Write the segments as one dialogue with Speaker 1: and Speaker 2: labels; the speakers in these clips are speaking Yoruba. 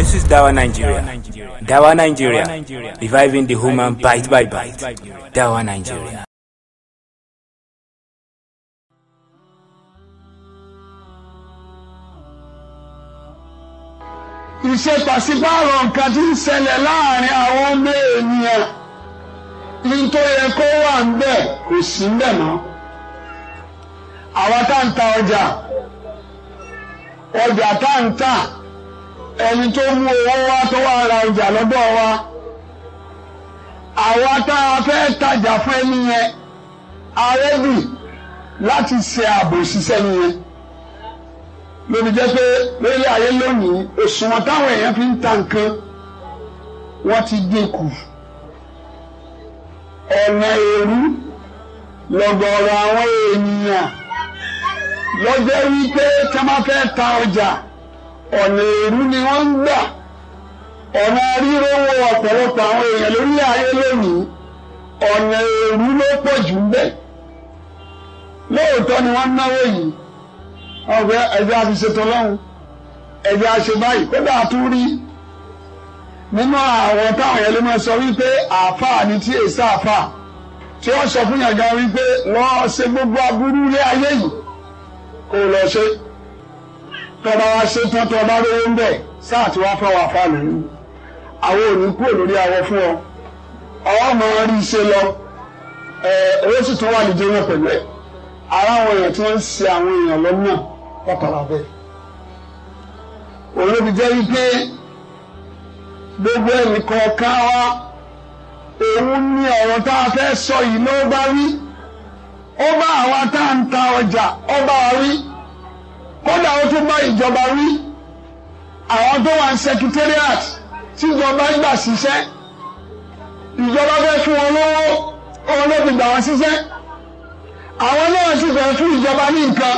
Speaker 1: This is Dawa Nigeria. Dawa Nigeria. Reviving the human bite by bite. Dawa Nigeria. Ìṣe pàṣípààrọ̀ nǹkan tí ń ṣẹlẹ̀ láàrin àwọn ọmọ ènìyàn ní tó yẹ kó wà ń bẹ̀ kò sí ń bẹ̀ mọ́. Àwa tá ń ta ọjà, ọjà tá ń tà ẹni tó mú owó wá tó wá ra ọjà lọ́dọ̀ wa àwa tá a fẹ́ tajà fún ẹni yẹn arẹ́bì láti ṣe ààbò òṣìṣẹ́ nìyẹn lórí jẹ́ pé lórí ayé lónìí òṣùwọ̀n táwọn èèyàn fi ń ta nǹkan wọ́n ti dínkù ọ̀nà èrú lọ́gọ̀ọ̀rọ̀ àwọn ènìyàn lọ́jọ́ wípé tí wọ́n bá fẹ́ ta ọjà. ọ̀nà eru ni wọ́n ń gbà ọ̀nà rírówó ọ̀pọ̀lọpọ̀ àwọn èèyàn lórílẹ̀ ayé lónìí ọ̀nà eru ló pọ̀ jù ń lóòótọ́ ni wọ́n náwó yìí wọ́n ẹ̀jẹ̀ àti ṣètò lọ́hùn ẹ̀jẹ̀ àṣẹ báyìí kódà tún rí nínú àwọn táwọn yẹn ló máa sọ gbogbo ayé yìí tọba wa ṣe tán tọba lówó ń bẹ̀ sáà tí wàá fọwọ́ àfa lòun àwọn ò ní kúrò lórí awọ fún ọ ọwọ́ mọ rí iṣẹ́ lọ owó sì tún wà lójú náà pẹ̀lú ẹ̀ ara àwọn èèyàn tí wọ́n ń ṣe àwọn èèyàn lọ́nà pàtàkì bẹ́ẹ̀ òun ló fi jẹ́ wípé gbogbo ẹnì kọ̀ọ̀kan wa òun ni ọ̀rọ̀ tá a fẹ́ sọ yìí ló bá wí ó bá àwa tá à ń ta ọjà ó bá wa wí kódà ó tún bá ìjọba wí àwọn tó wà ní secretariat tíjọba gbà ṣiṣẹ́ ìjọba fẹ́ fún wọn lówó wọn ló fi gbà wọn ṣiṣẹ́ àwọn náà sì fẹ́ fún ìjọba ní nǹkan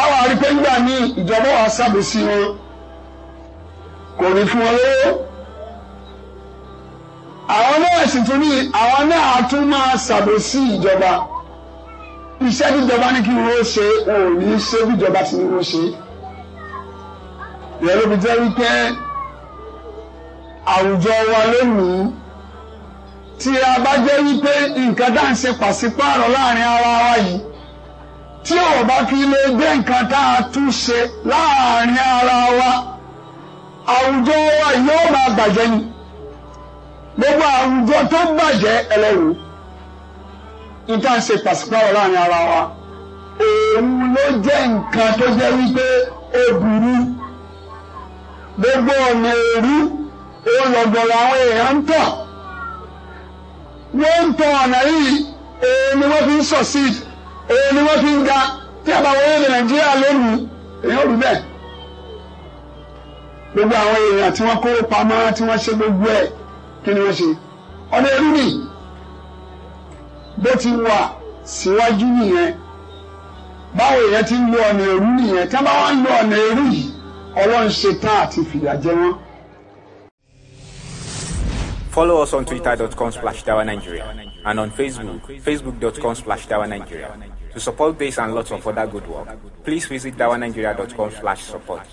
Speaker 1: àwọn àrípẹ́ gbà ní ìjọba wa ṣàbòsí wọn kò ní fún wọn lówó àwọn náà sì tún ní àwọn náà tún máa ṣàbòsí ìjọba iṣẹ́ tíjọba ní kí wọ́n ṣe wọn ò ní ṣe tíjọba sí ni wọ́n ṣe. ìyẹn ló fi jẹ́ wípé àwùjọ wa lónìí tí a bá jẹ́ wípé nǹkan tá à ń ṣe pàṣípààrọ̀ láàrin ara wa yìí tí ò bá fi lè dé nǹkan tá a tún ṣe láàrin ara wa àwùjọ wa yóò máa bàjẹ́ ni gbogbo àwùjọ tó bàjẹ́ ẹlẹ́rìí nǹkan ṣe pàṣípààrọ̀ láàrin ara wa òun ló jẹ́ nǹkan tó jẹ́ wípé ó burú gbogbo ọ̀nà èrú ó lọ̀gbọ̀rọ̀ àwọn èèyàn ń tọ̀ wọ́n ń tọ ọ̀nà yìí òun ni wọ́n fi ń succeed òun ni wọ́n fi ń ga tí a bá wọlé ní Nàìjíríà lónìí èèyàn rú bẹ́ẹ̀ gbogbo àwọn èèyàn tí wọ́n kó pamọ́ tí wọ́n ṣe gbogbo ẹ̀ kí ni wọ́n ṣe ọ̀nà èrú nìyí bó ti wà síwájú nìyẹn báwo èèyàn ti ń lo ọ̀nà èrú nìyẹn tí wọ́n bá wá ń lo ọ̀nà èrú yìí ọlọ́run ṣe tán àti fìyà jẹ wọ́n. Follow us on twitter.com slash Dawa Nigeria and on Facebook, facebook.com slash Dawa Nigeria. To support this and lots of other good work, please visit dawanigeria.com slash support.